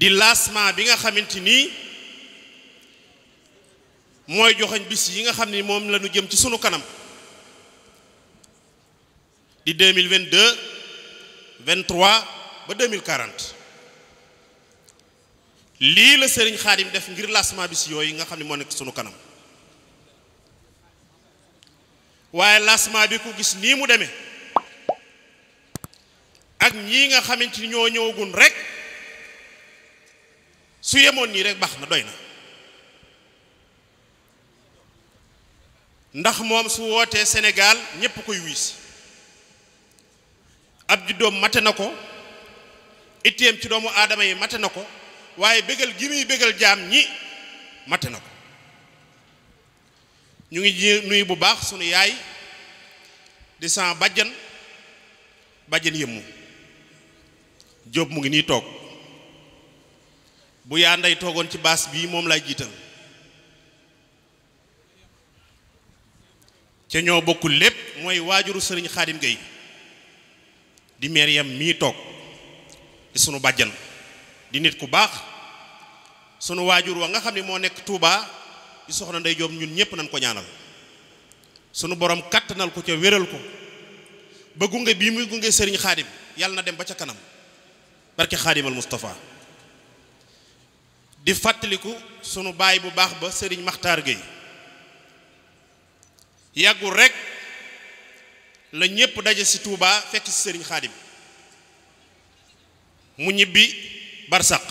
di lancement bi nga xamante nii mooy joxoñ bis yi nga xam ni moom lañu jëm ci sunu kanam di 2022 23 ba 2040 lii la sëriñ Xaadim def ngir lancement bis yooyu nga xam ne moo nekk sunu kanam waaye lancement bi ku gis nii mu deme ak ñii nga xamante ni ñoo ñëwagun rek su yemoon nii rek baax na doy na ndax moom su wootee senegaal ñépp koy wiis ab juddoom mate na ko itteem ci doomu aadama yi matte na ko waaye bégal gi muy bégal jaam ñi matte na ko ñu ngi nuyu bu baax sunu yaay di san bàjjan bàjjan yëmmu Jóob mu ngi nii toog bu yaa nday toogoon ci baas bii moom laay jiitam ca ñoo bokkul lépp mooy waajuru sëriñ xaadim gay di meeriyam mii toog di sunu bàjjan di nit ku baax sunu waajur wa nga xam ne moo nekk Touba di soxna Ndey Jóob ñun ñépp nañ ko ñaanal sunu borom kattanal ko ca wéral ko ba gunge bii muy gunge sëriñ xaadim yàlla na dem ba ca kanam barke xaadimal Mustafa di fàttaliku sunu baay bu baax ba sëriñ maxtar Gueye yàggul rekk la ñépp daje ci Touba fekk ci sëriñ Xaadim mu ñibbi barsaq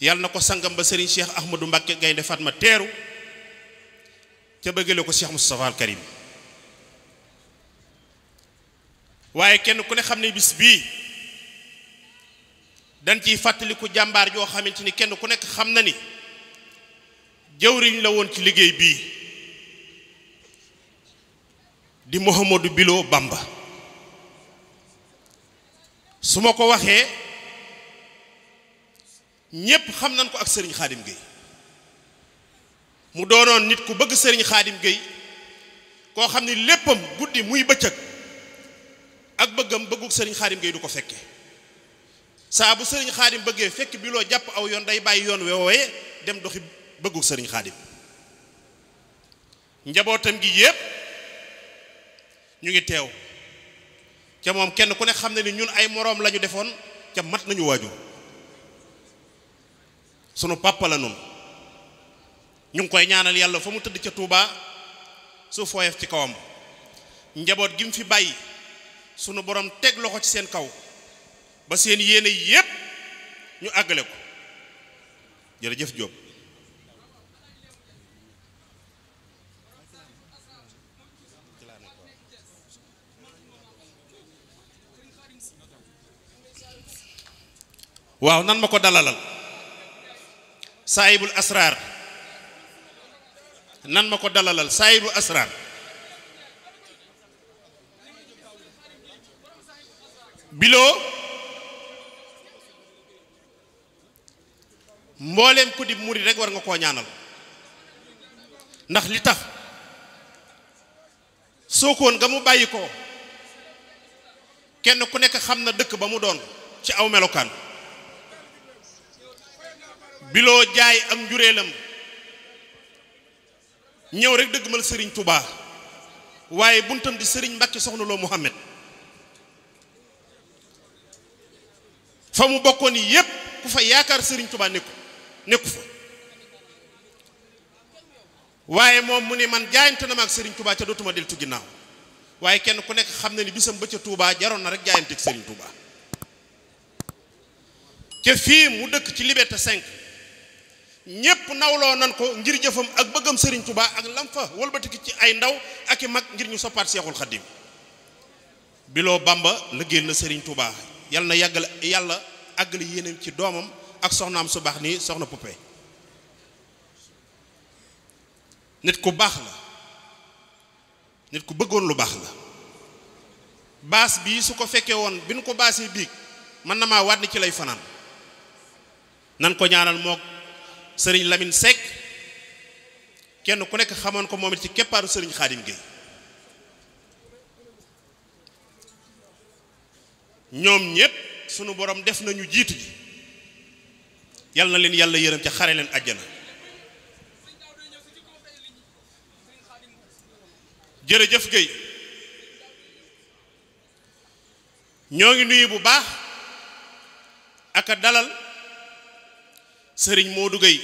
yàlla na ko sangam ba sëriñ Cheikh Ahmadou ngay defaat ma teeru ca bëggale ko Cheikh Moustapha al waaye kenn ku ne xam ne bis bii dañ ciy fàttaliku jàmbaar joo xamante ni kenn ku nekk xam na ni jëwriñ la woon ci liggéey bii di Mouhamadou Bilo Bamba su ma ko waxee ñépp xam nañ ko ak sëriñ Xaadim Gueye mu doonoon nit ku bëgg sëriñ Xaadim géey koo xam ni léppam guddi muy bëccëg ak bëggam bëggug sëriñ Xaadim géey du ko fekke saa bu sëriñ xaadim bëggee fekk biloo jàpp aw yoon day bàyyi yoon woowee dem doxi bëggu sëriñ xaadim njabootam gi yépp ñu ngi teew ca moom kenn ku ne xam ne ni ñun ay moroom lañu defoon ca mat nañu waajur sunu pàppa la ñu ngi koy ñaanal yàlla fa mu tëdd ca Touba su fooyeef ci kawam njaboot gi mu fi bàyyi sunu borom teg loxo ci seen kaw ba seen yéene yépp ñu àggale ko jërëjëf Diop waaw nan ma ko dalalal saayibul asraar nan ma ko dalalal saayibul asraar biloo mbooleem ko di murid rek war nga koo ñaanal ndax li tax sookoon nga mu bàyyi ko kenn ku nekk xam na dëkk ba mu doon ci aw melokaan biloo jaay am njureelam ñëw rek dëggumal sëriñ tubaa waaye buntam di sëriñ Mbàkke soxnaloo loo fa mu bokkoon yépp ku fa yaakaar sëriñ Touba nekku nekku fa waaye moom mu ne man jaayante na ma ak Serigne Touba ca dootuma deltu ginnaaw waaye kenn ku nekk xam na ni bisam ba ca Touba jaroon na rek jaayante ak Serigne Touba ca fii mu dëkk ci Liberté 5 ñépp nawloo nan ko ngir jëfam ak bëggam sëriñ Touba ak lam fa wëlbatiki ci ay ndaw ak i mag ngir ñu soppaat Seexul Xaddim biloo Bamba la génn sëriñ Touba yàlla na yàggal yàlla àggale yéenam ci doomam. ak soxnaam su baax nii soxna Poupée nit ku baax la nit ku bëggoon lu baax la baas bii su ko fekkee woon bi nu ko baasee biig mën na maa waat ni ci lay fanaan nan ko ñaanal mook sëriñ lamin Seck kenn ku nekk xamoon ko moom ci keppaaru sëriñ Xaadim Gueye ñoom ñépp sunu borom def nañu jiitu ji yal na leen yàlla yërëm ca xare leen àjjana jërëjëf Guèye ñoo ngi nuyu bu baax ak dalal sëriñ Modou Guèye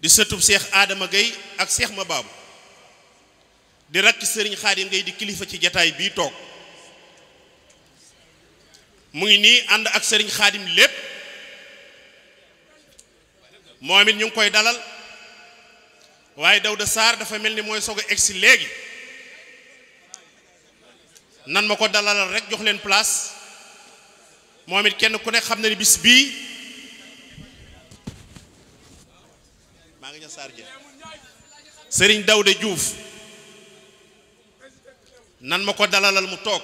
di sëtub seex aadama Guèye ak seex ma baabu di rakk sëriñ Xaadim Guèye di kilifa ci jataay bii toog mu ngi nii ànd ak sëriñ Xaadim lépp moom it ñu ngi koy dalal waaye Daouda Sarr dafa mel ni mooy soog a egsi léegi nan ma ko dalalal rek jox leen place moom it kenn ku ne xam na ni bis bii maa ngi ña Sarr Sëriñ Daouda juuf nan ma ko dalalal mu toog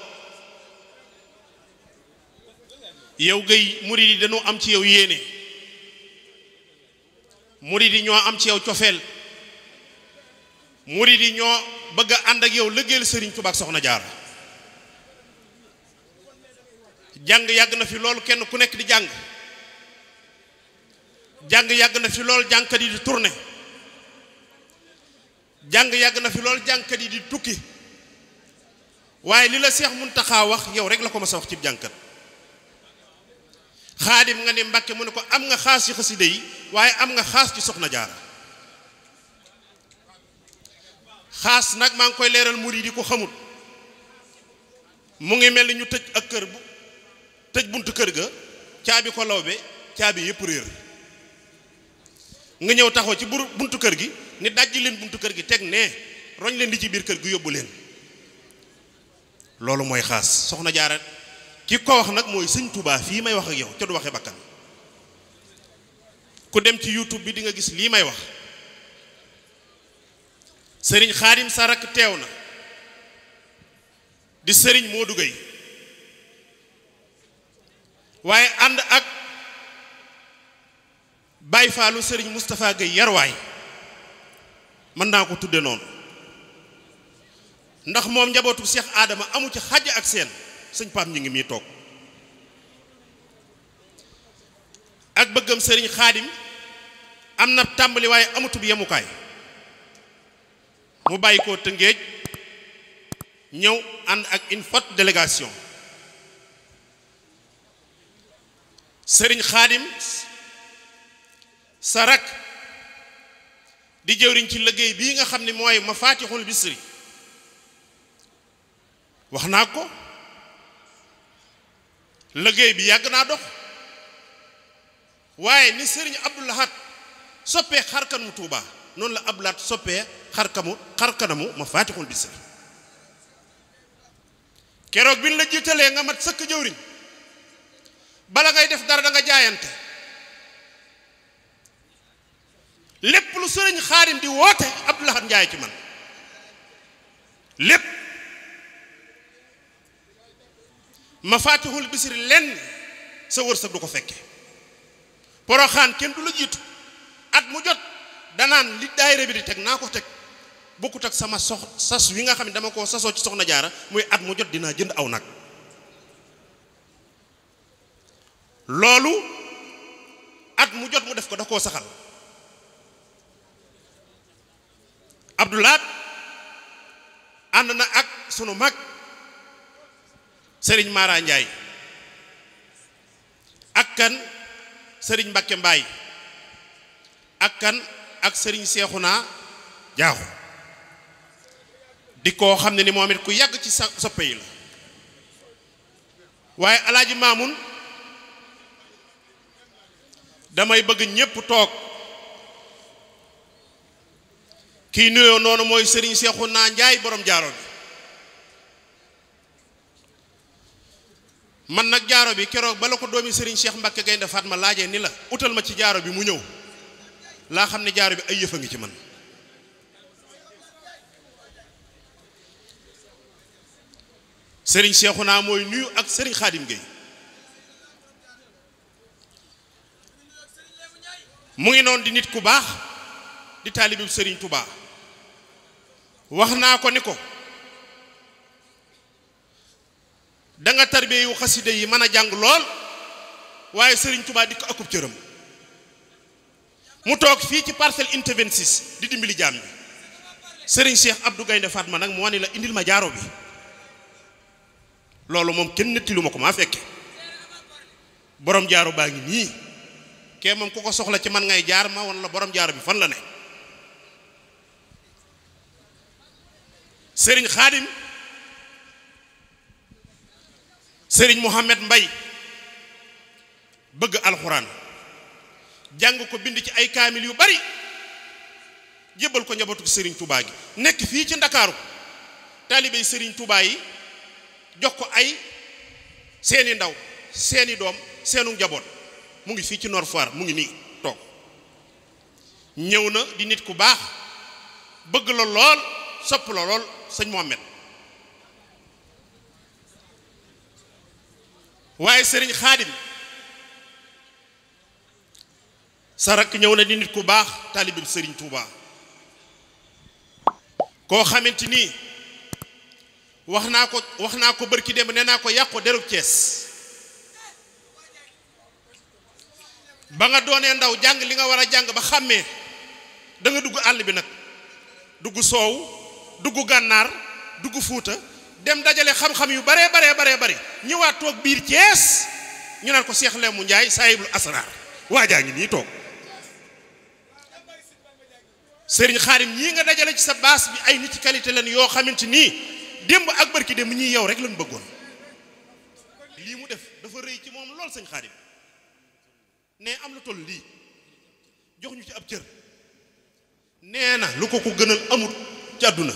yow gay murid yi dañoo am ci yow yéene murid yi ñoo am ci yow cofeel murid yi ñoo bëgg a ànd ak yow liggéeyal sëriñ Tuubaa ak soxna Jaara jàng yàgg na fi loolu kenn ku nekk di jàng jàng yàgg na fi lool jàngkat yi di tourné jàng yàgg na fi lool jàngkat yi di tukki waaye li la Seex mun Muntaxa wax yow rek la ko mas a wax cib jàngkat xaadim nga ni Mbàkke mu ne ko am nga xaas ci xasida yi waaye am nga xaas ci soxna jaara xaas nag maa ngi koy leeral murid yi ko xamul mu ngi mel ni ñu tëj ak kër bu tëj buntu kër ga caabi ko lawbe caabi yëpp réer nga ñëw taxaw ci bur buntu kër gi ni dajj leen buntu kër gi teg ne roñ leen di ci biir kër gi yóbbu leen loolu mooy xaas soxna jaara ki ko wax nag mooy sëñ Touba fii may wax ak yow ca du waxe bakkan ku dem ci youtube bi di nga gis lii may wax sëriñ xaadim sarak teew na di sëriñ Modou Gueye waaye ànd ak Baye Fallou sëriñ Moustapha Gueye yarwaay mën naa ko tudde noonu ndax moom njabootu Cheikh aadama amu ci xaj ak seen sëñ Pape ñu ngi muy toog ak bëggam sëriñ xaadim am na tàmbali waaye amutub yemukaay mu bàyyi koo tëngéej ñëw ànd ak une forte délégation sëriñ xaadim sa rak di jëwriñ ci liggéey bi nga xam ne mooy mafaatixul bisri wax naa ko liggéey bi yàgg naa dox waaye ni sëriñ Abdou Lahad soppee xarkanamu tuuba noonu la ablaat Lahad soppee xarkanamu ma faatixul bi sëriñ keroog bi ñu la jiitalee nga mat sëkk jëwriñ bala ngay def dara da nga jaayante lépp lu sëriñ xaarin di woote Abdou Lahad Njaay ci man lépp ma mafatihul bisir lenn sa wërsëg du ko fekke poroxaan kenn du la jiitu at mu jot danaan li daayira bi di teg naa ko teg bokkut ak sama sox sas wi nga xam ne dama koo sasoo ci soxna jaara muy at mu jot dinaa jënd aw nag loolu at mu jot mu def ko da koo saxal abdulaat ànd na ak sunu mag sëriñ Mara Ndiaye ak kan sëriñ Mbacke mbaay akkan ak sëriñ Seexuna Jaaxu di koo xam ne ni moom it ku yàgg ci soppe yi la waaye alaaji Maamun damay bëgg ñépp toog kii nuyoo noonu mooy sëriñ naa Njaay borom jaaro bi man nag jaaro bi keroog bala ko doomi sëriñ Cheikh Mbacke Gaynde Fatma laajee ni la utal ma ci jaaro bi mu ñëw laa xam ne jaaro bi ay yëf a ngi ci man Serigne naa mooy nuyu ak Serigne Khadim Gueye mu ngi noonu di nit ku baax di taalibi Serigne Touba wax naa ko ni ko. da nga tarbiya yu xaside yi mën a jàng lool waaye sëriñ Touba di ko akub cëram mu toog fii ci parcelle unité 26 di dimbali jaam bi Serigne Cheikh Abdou Gaynde ma nag moo ne la indil ma jaaro bi loolu moom kenn nettalu ma ko maa fekke borom jaaro baa ngi nii kee moom ku ko soxla ci man ngay jaar ma won la borom jaaro bi fan la ne Serigne Khadim. sëriñ Mouhamed Mbay bëgg alxuraan jàng ko bind ci ay kaamil yu bari jébbal ko njabootu sëriñ Touba gi nekk fii ci ndakaaru taalibey sëriñ tubaay yi jox ko ay seeni ndaw seeni doom seenu njaboot mu ngi fii ci Nord Foire mu ngi nii toog ñëw na di nit ku baax bëgg la lool sopp la lool sëñ Mouhamed waaye sëriñ xaadim sa rakk ñëw na di nit ku baax taalibib sëriñ Touba koo xamante nii wax naa ko wax naa ko bërki dem nee naa ko yàqu derub Cees ba nga doonee ndaw jàng li nga war a jàng ba xàmmee da nga dugg àll bi nag dugg soow dugg gànnaar dugg fuuta dem dajale xam-xam yu baree baree baree bëri ñëwaat toog biir Thiès ñu naan ko mu njaay Ndiaye saayibul waa jaa ngi nii toog sëriñ xaarim ñii nga dajale ci sa baas bi ay nit ci qualité lañ yoo xamante nii démb ak barki démb ñuy yow rek lañu bëggoon lii mu def dafa rëy ci moom lool sëñ xaarim ne am lu toll lii jox ñu ci ab cër nee na lu ko ko gënal amut ci àdduna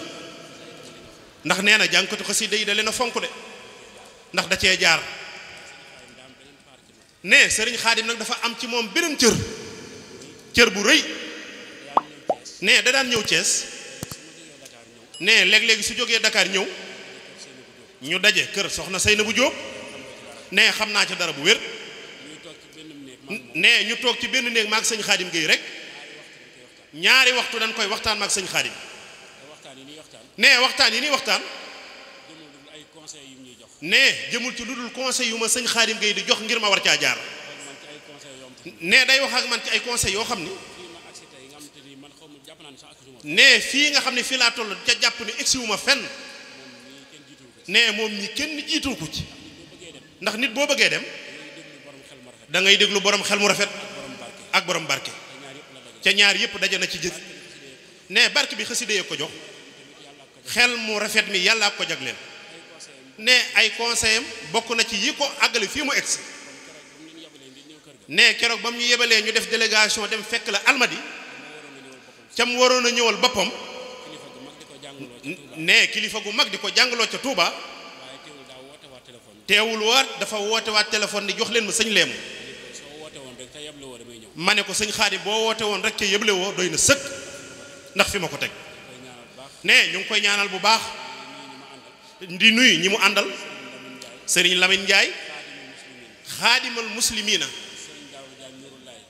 ndax nee na jàngkatu xasida yi da na fonk de ndax da cee jaar ne sëriñ xaadim nag dafa am ci moom beneen cër cër bu rëy ne da daan ñëw cees ne léeg-léegi su jógee dakaar ñëw ñu daje kër soxna na bu Diop ne xam naa ci dara bu wér ne ñu toog ci benn néeg maag sëñ xaadim géey rek ñaari waxtu dañ koy waxtaan ak sëñ xaadim nee waxtaan yi nii waxtaan ne jëmul ci lu dul conseil yu ma sëñ xaadim gay di jox ngir ma war caa jaar ne day wax ak man ci ay conseil yoo xam ni nee fii nga xam ne fii laa toll ca jàpp ni egsi wu ma fenn ne moom ñi kenn jiitul ko ci ndax nit boo bëggee dem da ngay déglu borom xel mu rafet ak borom barke ca ñaar yëpp daje na ci jëf nee bark bi xasida ko jox xel mu rafet mi yàllaa ko jagleel ne ay conseil am bokk na ci yi ko àggale fii mu egsi ne keroog ba mu yebalee ñu def délégation dem fekk la almadi ca mu waroon a ñëwal boppam ne kilifa gu mag di ko jàngaloo ca Touba teewul waat dafa woote waat téléphone ni jox leen ma sëñ leemu ma ne ko sëñ Xaadim boo woote woon rek ca yeble woo doy na sëkk ndax fi ma ko teg ne ñu ngi koy ñaanal bu baax di nuyu ñi mu àndal sëriñ Lamine Ndiaye xaadimal muslimina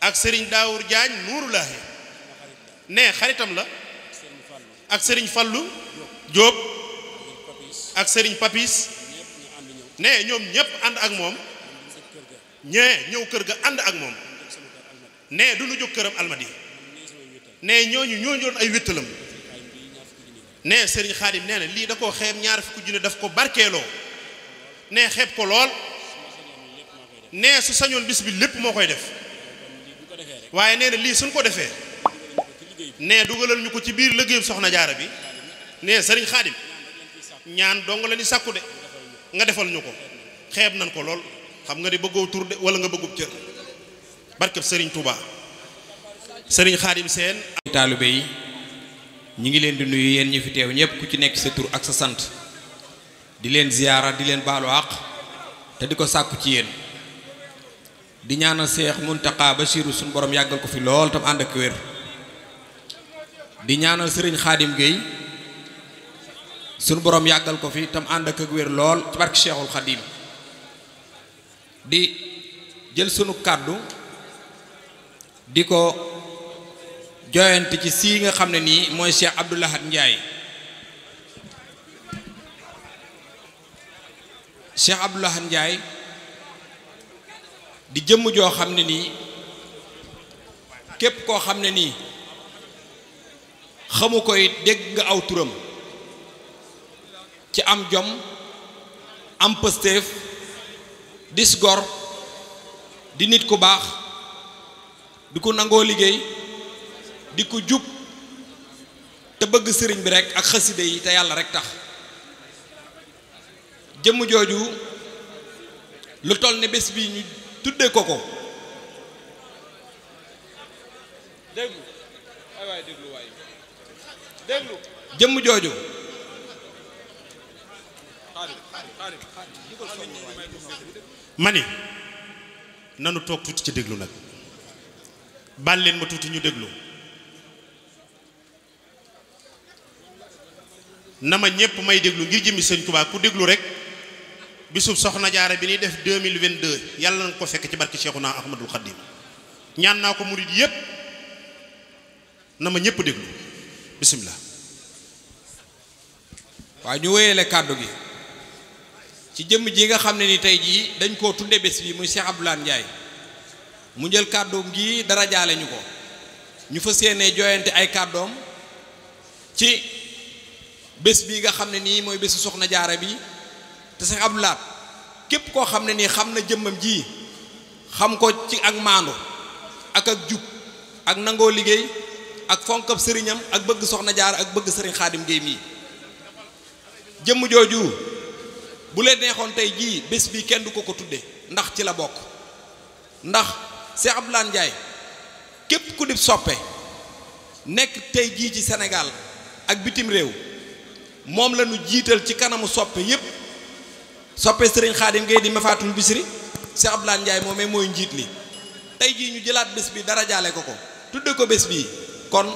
ak sëriñ Daawur Diagne nuurulaahi ne xaritam la ak sëriñ Fallu Jóob ak sëriñ Papis ne ñoom ñépp ànd ak moom ñee ñëw kër ga ànd ak moom ne du ñu jóg këram almadi ne ñooñu ñooñu doon ay wéttalam nee sëriñ xaadim nee na lii da koo xeeb ñaar fi ku junne daf ko barkeeloo ne xeeb ko lool nee su sañoon bis bi lépp moo koy def waaye nee na lii suñ ko defee nee dugalal ñu ko ci biir liggéeyu soxna jaara bi nee sëriñ xaadim ñaan dong la ni sàkku de nga defal ñu ko xeeb nañ ko lool xam nga ni bëggoo tur de wala nga bëggub cër barkeb sëriñ Touba sëriñ xaadim seen taalibe yi ñi ngi leen di nuyu yéen ñi fi teew ñëpp ku ci nekk sa tur ak sa sant di leen ziyaara di leen baalu àq te di ko sàkku ci yéen di ñaanal seex muntaqa basiru suñu borom yàggal ko fi lool ànd ak wér di ñaanal sëriñ xaadim géey suñu borom yàggal ko fi tam ànd ak wér lool ci barke seexul xaadim di jël sunu kàddu di ko jooyante ci sii nga xam ne nii mooy Cheikh Abdou Lahad Ndiaye Cheikh Abdou Lahad di jëmm joo xam ne nii képp koo xam ne nii xamu ko it dégg nga aw turam ci am jom am pëstéef dis gor di nit ku baax di ko nangoo liggéey di ko jub te bëgg sëriñ bi rek ak xasida yi te yàlla rek tax jëmm jooju lu toll ne bés bi ñu tuddee ko ko déglu jëmm jooju mani nanu toog tuuti ci déglu nag baal leen ma tuuti ñu déglu na ma ñëpp may déglu ngir jëmmi sëñ Tuubaa ku déglu rek bisub soxna jaara bi ñuy def 2022 yàlla na ko fekk ci barke Cheikhuna Ahmadul Khadim ñaan naa ko mu yëpp na ma ñëpp déglu bisimilah. waaw ñu wéyale kàddu gi ci jëmm ji nga xam ne ni tey jii dañ koo tunde bés bi muy Cheikh njaay mu jël kàddoom gi dara jaale ñu ko ñu fa yéenee jooyante ay kàddoom ci. bés bii nga xam ne nii mooy bésu soxna jaara bi te Seex Abdou Lahad képp koo xam ne nii xam na jëmmam jii xam ko ci ak maandu ak ak jub ak nangoo liggéey ak fonkab sëriñam ak bëgg soxna jaara ak bëgg sëriñ xaadim géey mii jëmm jooju bu leen neexoon tey jii bés bii kenn du ko ko tudde ndax ci la bokk ndax Seex Abdou Lahad Njaay képp ku di soppe nekk tey jii ci senegal ak bitim réew moom la ñu jiital ci kanamu soppe yépp soppe sëriñ xaadim ngay di mafaatul bisri si Abdoulaye Ndiaye moomee mooy njiit li tey jii ñu jëlaat bés bi dara jaale ko ko tudde ko bés bi kon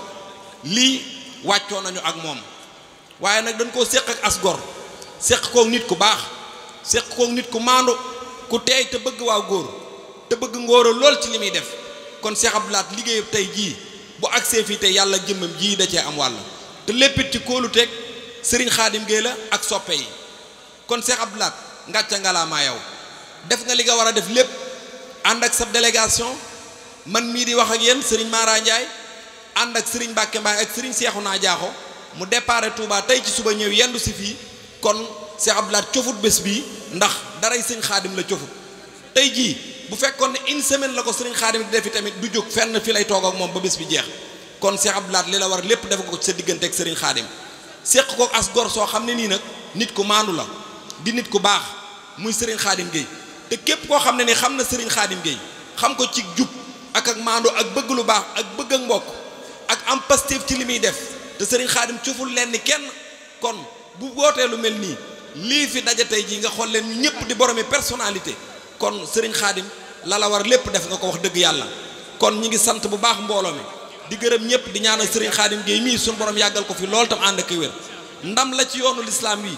lii wàccoo nañu ak moom waaye nag dañ koo séq ak as gor séq koog nit ku baax séq koog nit ku maandu ku teey te bëgg waa góor te bëgg ngóora lool ci li muy def kon Cheikh Abdoulaye tey jii bu agsee fii te yàlla jëmmam jii da cee am wàll te léppit ci kóolu teg sëriñ xaadim géey la ak soppe yi kon Cheikh Abdou Lahad ngàcca ngalaamaa yow def nga li nga war a def lépp ànd ak sa délégation man mii di wax ak yéen sëriñ Mara Ndiaye ànd ak sëriñ Mbàkke Mbaay ak sëriñ naa Jaaxo mu départ Touba tey ci suba ñëw yendu si fii kon Cheikh Abdou Lahad cofut bés bi ndax daray sëriñ xaadim la cofut tey jii bu fekkoon ne une semaine la ko sëriñ xaadim di defi tamit du jóg fenn fi lay toog ak moom ba bés bi jeex kon Cheikh Abdou li la war lépp def sa diggante ak sëriñ séq ko as gor soo xam ne nii nag nit ku maandu la di nit ku baax muy Serigne xaadim Gueye te képp koo xam ne ni xam na Serigne Khadim Gueye xam ko ci jub ak ak maandu ak bëgg lu baax ak bëgg ak mbokk ak am pastéef ci li muy def te Serigne Khadim coful leen ni kenn kon bu gootee lu mel nii lii fi daje tey jii nga xool leen ñu ñëpp di boromi personnalité kon Serigne xaadim la la war lépp def nga ko wax dëgg yàlla kon ñu ngi sant bu baax mbooloo mi di gërëm ñëpp di ñaan ñaanal Serigne Khadim Gueye mii suñu borom yàggal ko fi loolu tam ànd ak wér ndam la ci yoonu lislaam wi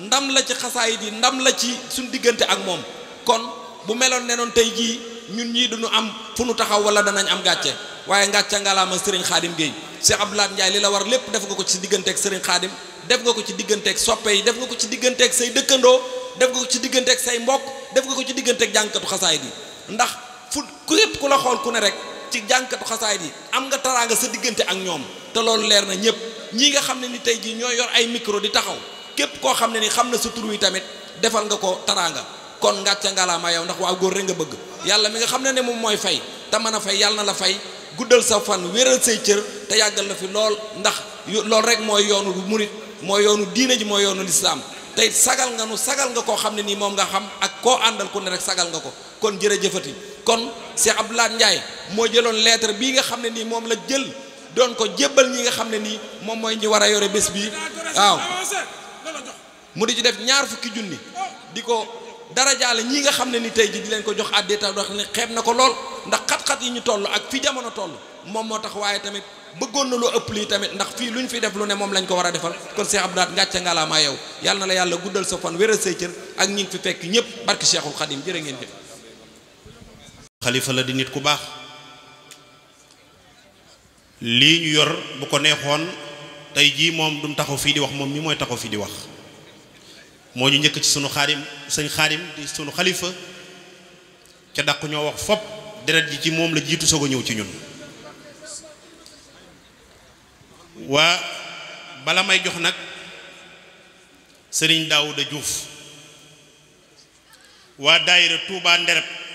ndam la ci xasaayit yi ndam la ci suñu diggante ak moom kon bu meloon ne tey jii ñun ñii duñu am fu nu taxaw wala danañ am gàcce waaye ngàcca ngalaama Serigne Khadim Gueye Cheikh Abdoulaye Ndiaye li la war lépp def nga ko ci diggante ak Serigne Khadim def nga ko ci diggante ak soppe yi def nga ko ci diggante ak say dëkkandoo def ci diggante say mbokk def nga ko ci diggante ak jànkatu xasaayit ndax fu ku ku la ku ne rek ci jànkatu xasaayit yi am nga taraanga sa diggante ak ñoom te loolu leer na ñëpp ñii nga xam ne ni tey jii ñoo yor ay micro di taxaw képp koo xam ne ni xam na sa tur wi tamit defal nga ko taraanga kon ngàcca ngalaama yow ndax waa góor rek nga bëgg yàlla mi nga xam ne ne moom mooy fay te mën a fay yàlla na la fay guddal sa fan wéral say cër te yàggal na fi lool ndax loolu rek mooy yoonu murit mooy yoonu diine ji mooy yoonu lislaam tey sagal nga nu sagal nga koo xam ne nii moom nga xam ak koo àndal rek sagal nga ko kon jërëjëfati kon Cheikh Abdou Lahad moo jëloon lettre bii nga xam ne nii moom la jël doon ko jébbal ñi nga xam ne nii moom mooy ñi war a yore bés bii waaw mu di ci def ñaar fukki junni di ko dara jaale ñii nga xam ne ni tey ji di leen ko jox àddee tax wax ne xeeb na ko lool ndax xat-xat yi ñu toll ak fi jamono toll moom moo tax waaye tamit bëggoon na lu ëpp lii tamit ndax fii lu ñu fi def lu ne moom lañ ko war a defal kon Cheikh Abdou Lahad ngàcce ngalaamaa yow yàlla na la yàlla guddal sa fan wéral say cër ak ngi fi fekk ñëpp barki Cheikhul Khadim jërë ngeen jëf xalifa la di nit ku baax lii ñu yor bu ko neexoon tey jii moom dum taxaw fii di wax moom mi mooy taxaw fii di wax moo ñu njëkk ci sunu xaadim sëñ xaadim di sunu xalifa ca dàq ñoo wax fopp deret ji ci moom la jiitu soog ñëw ci ñun waa bala may jox nag sëriñ Daawuda Juuf waa daayira Tuubaa Ndereb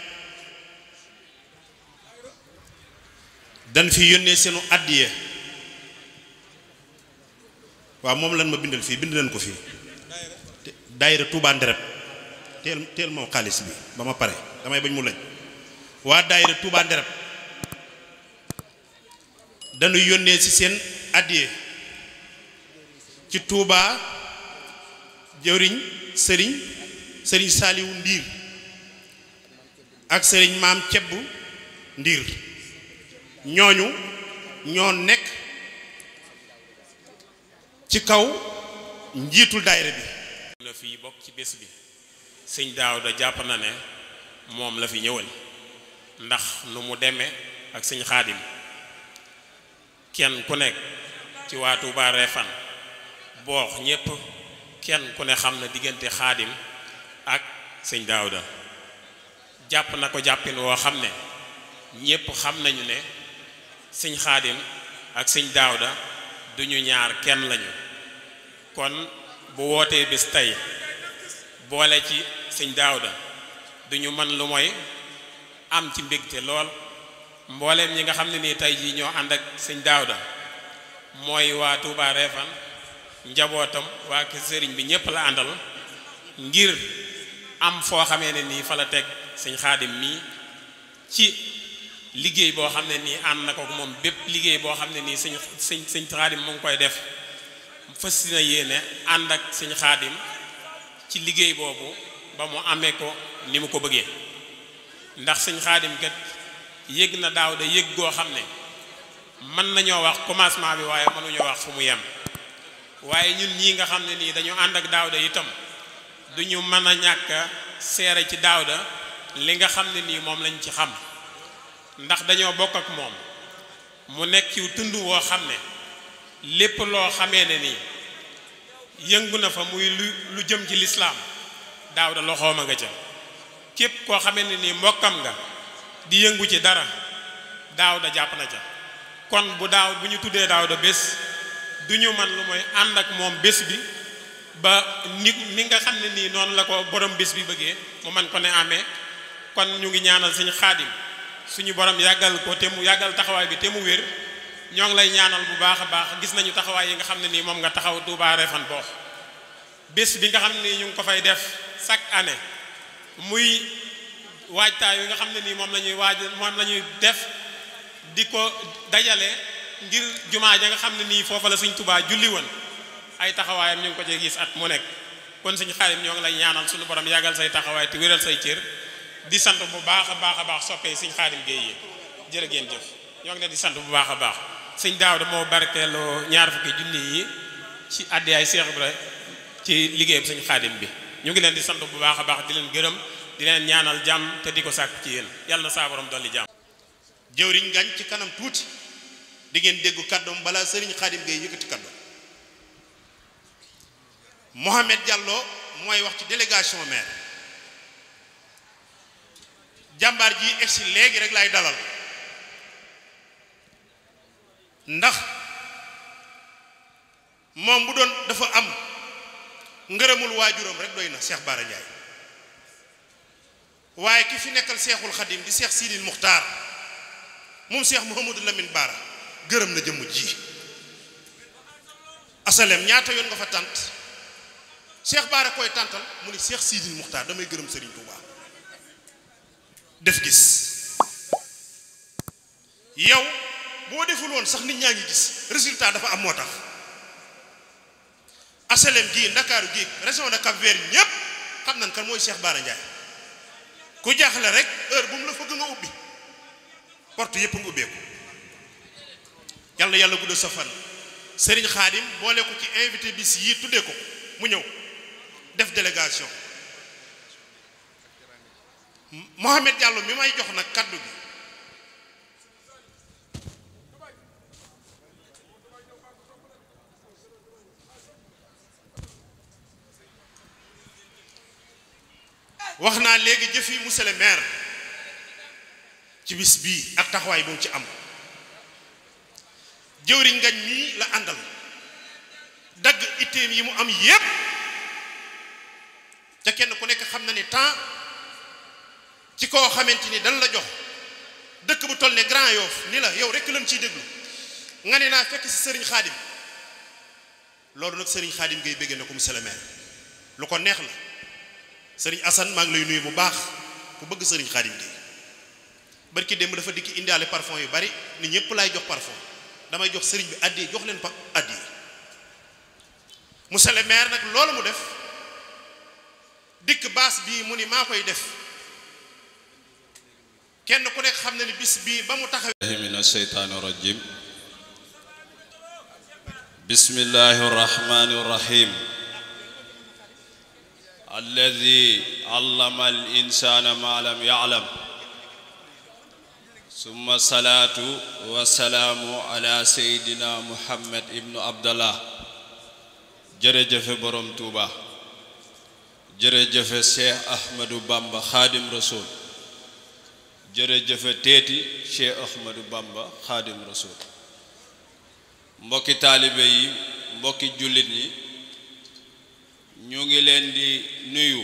dañ fi yónnee seenu àddiya waaw moom lan ma bindal fii bind nañ ko fii daayira Touba Ndereb teel teel moom xaalis bi ba ma pare damay bañ mu lañ waa daayira Touba Ndereb dañu yónnee ci seen àddiya ci Touba jëwriñ sëriñ sëriñ Saaliwu Ndiir ak sëriñ maam Cebbu Ndiir ñooñu ñoo nekk ci kaw njiitul daayira bi la fi bokk ci bés bi sëñ Daawda jàpp na ne moom la fi ñëwal ndax nu mu deme ak sëñ xaadim kenn ku nekk ci waa Tuubaa Refane boox ñépp kenn ku ne xam na diggante xaadim ak sëñ Daawda jàpp na ko jàppin woo xam ne ñépp xam nañu ne sëñ xaadim ak sëñ daawda duñu ñaar kenn lañu kon bu wootee bis tey boole ci sëñ daawda duñu mën lu mooy am ci mbégte lool mbooleem ñi nga xam ne nii tey jii ñoo ànd ak sëñ daawda mooy waa Touba Refan njabootam waa kër sëriñ bi ñépp la àndal ngir am foo xamee ne nii fa la teg sëñ xaadim mii ci liggéey boo xam ne nii ànd na ko moom bépp liggéey boo xam ne nii sëñ sëñ sëñ xaadim mu ngi koy def fas na yéene ànd ak sëñ xaadim ci liggéey boobu ba mu amee ko ni mu ko bëggee ndax sëñ xaadim kat yëg na daaw da yëg goo xam ne mën nañoo wax commencement bi waaye mënuñoo wax fu mu yem waaye ñun ñi nga xam ne nii dañu ànd ak daawda itam duñu mën a ñàkk seere ci daawda li nga xam ne nii moom lañu ci xam ndax dañoo bokk ak moom mu nekk ci tund woo xam ne lépp loo xamee ne nii yëngu na fa muy lu lu jëm ci lislaam daaw da loxoom a nga ca képp koo xamee ne nii mbokkam nga di yëngu ci dara daaw da jàpp na ca kon bu daaw bu ñu tuddee daaw da bés du ñu man lu mooy ànd ak moom bés bi ba ni ni nga xam ne nii noonu la ko borom bés bi bëggee mu man ko ne amee kon ñu ngi ñaanal sëñ xaadim suñu borom yàggal ko te mu yàggal taxawaay bi te mu wér ñoo ngi lay ñaanal bu baax a baax gis nañu taxawaay yi nga xam ne nii moom nga taxaw Touba Refane boox bés bi nga xam ne ñu ngi ko fay def chaque année muy waajtaay yi nga xam ne nii moom lañuy ñuy waaj moom la ñuy def di ko dajale ngir jumaa ja nga xam ne nii foofa la suñ Touba julli woon ay taxawaayam ñu ngi ko cee gis at mu nekk kon suñu xaalim ñoo ngi lay ñaanal suñu borom yàggal say taxawaay te wéral say cër di sant bu baax a baax a baax soppee sëñ xaadim géey yi jërë ngeen jëf ñoo ngi leen di sant bu baax a baax sëñ daaw da moo barkeeloo ñaar fukki junni yi ci addiyaay Seex Ibra ci liggéeyam sëñ xaadim bi ñu ngi leen di sant bu baax a baax di leen gërëm di leen ñaanal jàmm te di ko sàkk ci yéen yàlla na saa borom dolli jàmm jëwriñ gañ ci kanam tuuti di ngeen déggu kàddoom balaa sëriñ xaadim géey yëkkati kàddoom Mohamed Diallo mooy wax ci délégation maire jàmbaar ji egsi léegi rek lay dalal ndax moom bu doon dafa am ngërëmul waajuram rek doy na Cheikh Bara Ndiaye waaye ki fi nekkal Cheikhul Khadim di Cheikh Sidil Muxtaar moom Cheikh Mouhamadou Lamine Bara gërëm na jëmm ji asalem ñaata yoon nga fa tànt Cheikh Bara koy tàntal mu ne Cheikh Sidil Muxtaar damay gërëm sëriñ Touba def gis yow boo deful woon sax nit ñaa ngi gis résultat dafa am moo tax aselem gii ndakaaru gii région de Cap-Vert ñépp xam nañ kan mooy Cheikh Bara Ndiaye ku jaaxle rek heure bu mu la fëgg nga ubbi porte yépp nga ubbeeku yàlla yàlla gudd sa fan Serigne Khadim boole ko ci invité bis yi tuddee ko mu ñëw def délégation Mohamed Diallo mi may jox na kàddu gi wax naa léegi jëf yi monsieur le ci bis bii ak taxawaay boom ci am jëwriñ ngañ mii la àndal dagg itteem yi mu am yépp ca kenn ku nekk xam na ni temps ci koo xamante ni dañ la jox dëkk bu toll ne Grand Yoff ni la yow rekk lañ ciy déglu nga ne naa fekk si sëriñ xaadim loolu nag sëriñ xaadim ngay bëggee na ko mu le maire lu ko neex la sëriñ Assane maa ngi lay nuyu bu baax ku bëgg sëriñ xaadim gi barki démb dafa dikki indiale parfum yu bari ni ñëpp laay jox parfum damay jox sëriñ bi addi jox leen pa addi monsieur le maire nag loolu mu def dikk baas bii mu ni maa koy def kenn ku nekk xam na ni bis bii ba mu taxawee min asheytaani rajim bismillahi arrahmani arrahim alladi allama al insana ma lam yaalam summa salaatu wasalaamu ala seydina muhammad ibnu abdallah jërëjëfe borom tuuba jërëjëfe cheikh ahmadou bamba xaadim rasul jërëjëfe teeti Cheikh Ahmadou Bamba xaadim rasul mbokki taalibe yi mbokki jullit yi ñu ngi leen di nuyu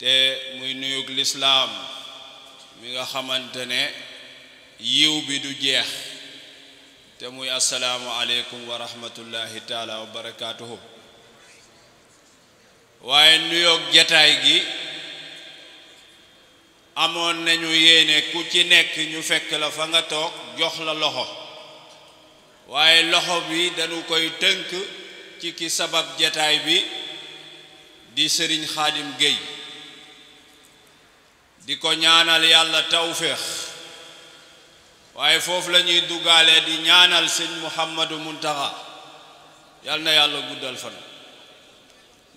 te muy nuyug lislaam mi nga xamante ne yiw bi du jeex te muy asalaamu aleykum wa rahmatullahi wa barakaatuhu waaye nuyoog jataay gi amoon nañu yéene ku ci nekk ñu fekk la fa nga toog jox la loxo waaye loxo bi dañu koy tënk ci ki sabab jataay bi di sëriñ xaadim géey di ko ñaanal yàlla tawféex waaye foofu lañuy ñuy dugaale di ñaanal sëñ muhammadu muntaxa yal na yàlla guddal fan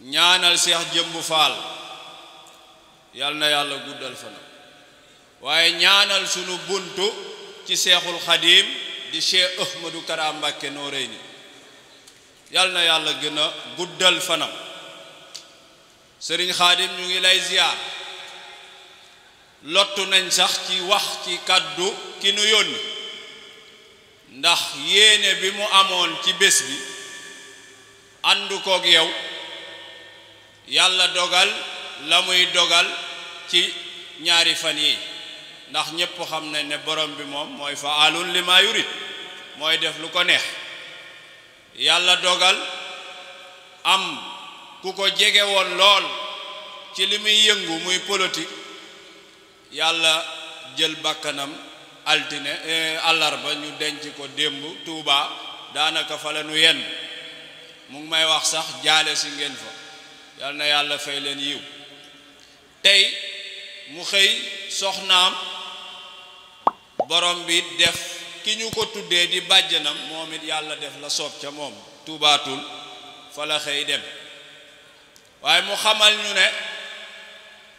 ñaanal seex jëmb faal yal na yàlla guddal fan waaye ñaanal sunu buntu ci seexul xadiim di cheikh ahmadou kara mbàkke nooréyni yal na yàlla gëna a guddal fanam sëriñ xaadim ñu ngi lay ziyaar lottu nañ sax ci wax ci kàddu ki nu yónni ndax yéene bi mu amoon ci bés bi ànd kook yow yàlla dogal la muy dogal ci ñaari fan yi ndax ñépp xam nañ ne borom bi moom mooy faalun li ma yurid mooy def lu ko neex yàlla dogal am ku ko jege woon lool ci li muy yëngu muy politique yàlla jël bakkanam altine eh, ba ñu denc ko démb Tuuba daanaka fa la nu yenn mu ngi may wax sax jaale si ngeen fa yal na yàlla fay leen yiw tey mu xëy soxnaam borom bi def ki ñu ko tuddee di bàjjanam moom it yàlla def la soob ca moom tuubaatul fa la xëy dem waaye mu xamal ñu ne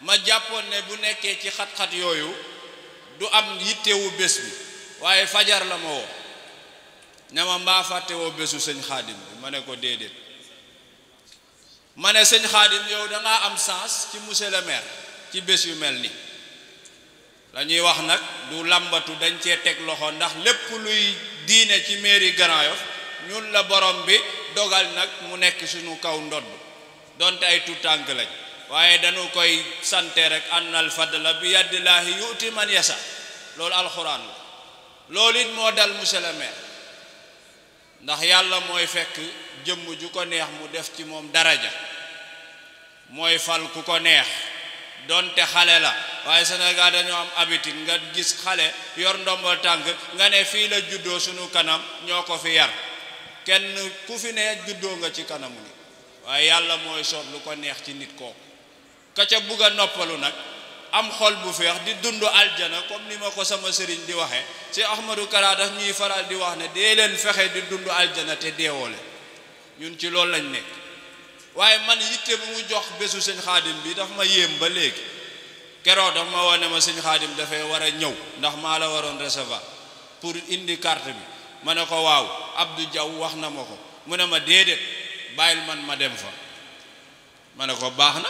ma jàppoon ne bu nekkee ci xat-xat yooyu du am yittewu bés bi waaye fajar la ma woo ne ma fàttewoo bésu sëñ xaadim bi ma ne ko déedéet ma ne sëñ xaadim yow dangaa am sens ci monsieur le ci bés yu mel ni la ñuy wax nag du làmbatu dañ cee teg loxo ndax lépp luy diine ci mairie Grand Yoff ñun la borom bi dogal nag mu nekk suñu kaw ndodd donte ay tuutànk lañ waaye dañu koy sante rek annal fadla bi yadillaahi yuuti man yasa loolu alxuraan la loolu moo dal monsieur le ndax yàlla mooy fekk jëmm ju ko neex mu def ci moom daraja mooy fal ku ko neex doonte xale la waaye Sénégal dañoo am habitude nga gis xale yor ndombo tànk nga ne fii la juddoo sunu kanam ñoo ko fi yar kenn ku fi ne juddoo nga ci kanamu ni waaye yàlla mooy soob lu ko neex ci nit kooku ka ca bugg a noppalu nag am xol bu feex di dund aljana comme ni ma ko sama sëriñ di waxee si Ahmadou Kara daf ñuy faral di wax ne dee leen fexe di dund aljana te deewoole ñun ci loolu lañ nekk waaye man yitte bu mu jox bésu sëñ xaadim bi daf ma yéem ba léegi keroo dafa ma woon ne ma sëñ xaadim dafay war a ñëw ndax maa la waroon recevoir pour indi carte bi ma ne ko waaw Abdou Diaw wax na ma ko mu ne ma déedéet bàyyil man ma dem fa ma ne ko baax na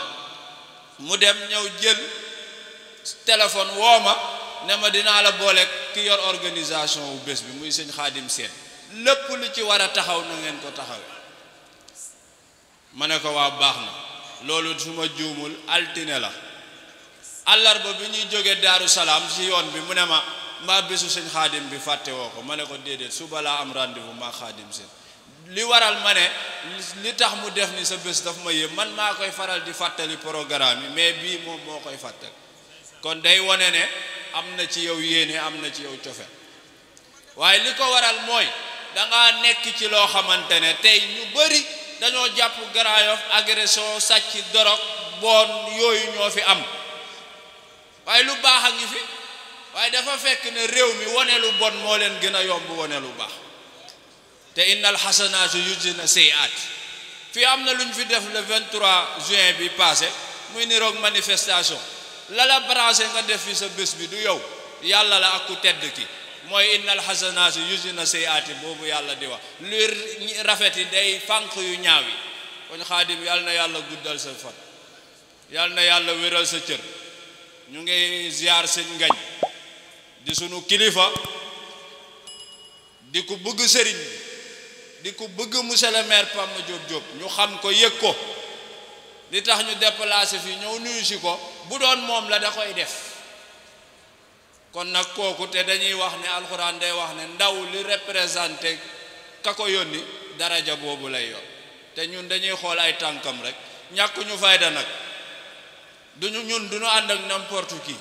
mu dem ñëw jël téléphone woo ma ne ma dinaa la boole ki yor organisation wu bés bi muy sëñ xaadim seen lépp lu ci war a taxaw na ngeen ko taxawe ma ne ko waaw baax na loolu su ma juumul altine la àllarba bi ñuy jógee daaru salaam si yoon bi mu ne ma maa bésu sëñ xaadim bi fàttewoo ko ma ne ko déedéet suba laa am rendez-vous maa xaadim seen li waral ma ne li tax mu def ni sa bés daf ma yéem man maa koy faral di fàttali programme yi mais bii moom moo koy fàttali kon dey wone ne am na ci yow yéene am na ci yow cofe waaye li ko waral mooy dangaa nekk ci loo xamante ne tey ñu bari dañoo jàpp garaayof agression sàcc dorog boon yooyu ñoo fi am waaye lu baax a ngi fi waaye dafa fekk ne réew mi wone lu bon moo leen gën a yomb wone lu baax te innal xasanaatu yujzina sayiat fii am na lu ñu fi def le 23 juin bi passé muy niroog manifestation la la nga def fi sa bés bi du yow yàlla la ak ku tedd ki mooy innal xasanaatu yujzina sayiat boobu yàlla di wax luy rafet yi day fànq yu ñaaw yi kon xaadim yàlla na yàlla guddal sa fan yàlla na yàlla wéral sa cër ñu ngi ziar sëñ ngañ di sunu kilifa di ko bëgg sëriñ di ko bëgg monsieur le maire Pam Diop ñu xam ko yëg ko li tax ñu déplacé fi ñëw nuyu si ko bu doon moom la da koy def kon nag kooku te dañuy wax ne alxuraan day wax ne ndaw li représenté ka ko yónni daraja boobu lay yor te ñun dañuy xool ay tànkam rek ñàkkuñu ñu fayda nag duñu ñun duñu ànd ak n'importe qui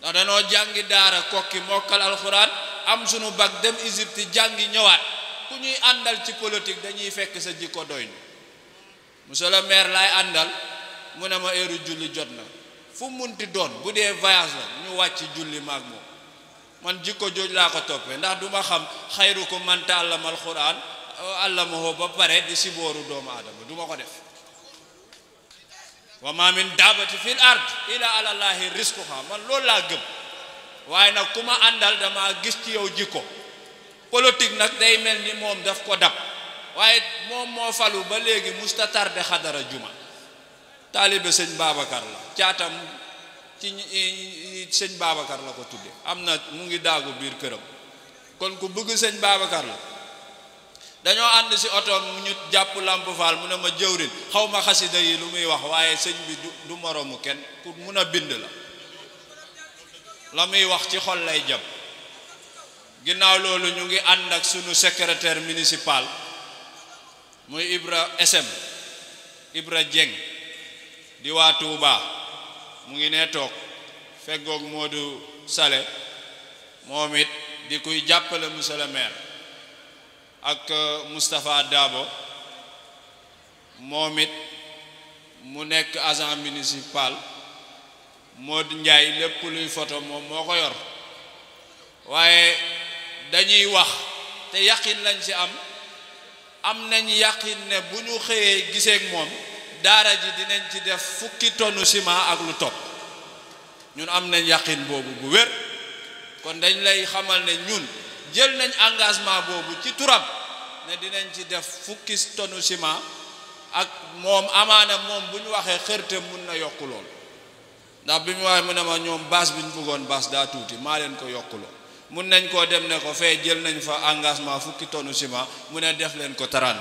ndax danoo jàngi daara kokki mokkal alxuraan am sunu bac dem Égypte jàngi ñëwaat ku ñuy àndal ci politique dañuy fekk sa jikko doy ñu monsieur le laay àndal mu ne ma heure julli jot na fu munti doon bu dee voyage la ñu wàcc julli maag moom man jikko jooj laa ko toppee ndax du ma xam ko manta ta'allama alxuraan allamahu ba pare di sibooru doomu aadama du ma ko def wa ma min daabati fil ard ila alallahi risquha man loolu laa gëm waaye nag ku ma àndal dama gis ci yow jikko politique nag day mel ni moom daf ko dab waaye moom moo falu ba léegi musta tarde xadara juma taalibe sëñ Babacar la caatam ci sëñ Babacar la ko tudde am na mu ngi daagu biir këram kon ku bëgg sëñ Babacar la dañoo ànd si oto mu ñu jàpp Lamp mu ne ma jëwrin xawma ma xasida yi lu muy wax waaye sëñ bi du moroomu kenn ku mun a bind la la muy wax ci xol lay jàpp ginnaaw loolu ñu ngi ànd ak sunu secrétaire municipal muy Ibra SM Ibra Dieng di waa Touba mu ngi ne toog fegook feggoog Modou Sale moom it di kuy jàppale monsieur le ak uh, Moustapha Dabo moom it mu nekk agent municipal moo njaay lépp luy photo moom moo ko yor waaye dañuy wax te yaqin lañ ci am am nañ yaqin ne bu ñu xëyee giseek moom daara ji dinañ ci def fukki tonu ciment ak lu topp ñun am nañ yaqin boobu bu wér kon dañ lay xamal ne ñun jël nañ engagement boobu ci turam ne dinañ ci def fukki tonu ciment ak moom amaana moom bu ñu waxee xërte mun na yokku lool ndax bi mu waxee mun ne ma ñoom baas bi ñu bëggoon baas daa tuuti maa leen ko yokku lool mun nañ koo dem ne ko fee jël nañ fa engagement fukki tonu ciment mu ne def leen ko 30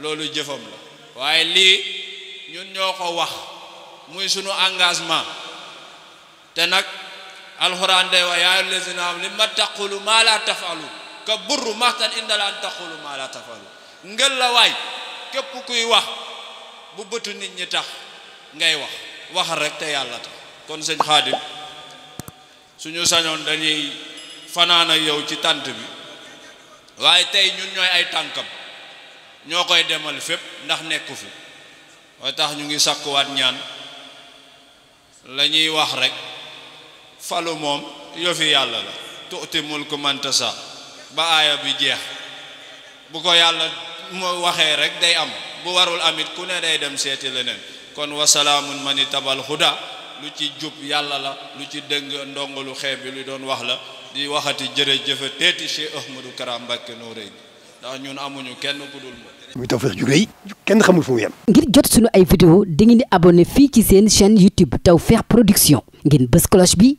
loolu jëfam la waaye lii ñun ñoo ko wax muy sunu engagement te nag alxuraan day wax yaa ayyuhal lazina aamanu lima taqulu maa laa tafalu ka burru maxtan indala an taqulu maa laa tafalu ngel képp kuy wax bu bëtu nit ñi tax ngay wax wax rek te yàlla tax kon sëñ xaadim suñu sañoon dañuy fanaana yow ci tànt bi waaye tey ñun ñooy ay tànkam ñoo koy demal fépp ndax nekku fi waaye tax ñu ngi sakkuwaat ñaan la ñuy wax rek falu moom yofi yàlla la tuuti mulku man tasa ba aaya bi jeex bu ko yàlla moo waxee rek day am bu warul amit ku ne day dem seeti leneen kon ma ni tabal huda lu ci jub yàlla la lu ci dëng ndongolu xeeb bi lu doon wax la di waxati jërëjëfa teeti Cheikh Ahmadou Kara Mbacké Noreyni ndax ñun amuñu kenn ku dul moom muy kenn xamul fu mu yem ngir jot suñu ay vidéo dangeen di abonné fii ci seen chaîne YouTube Tawfekh Production ngeen bës cloche bi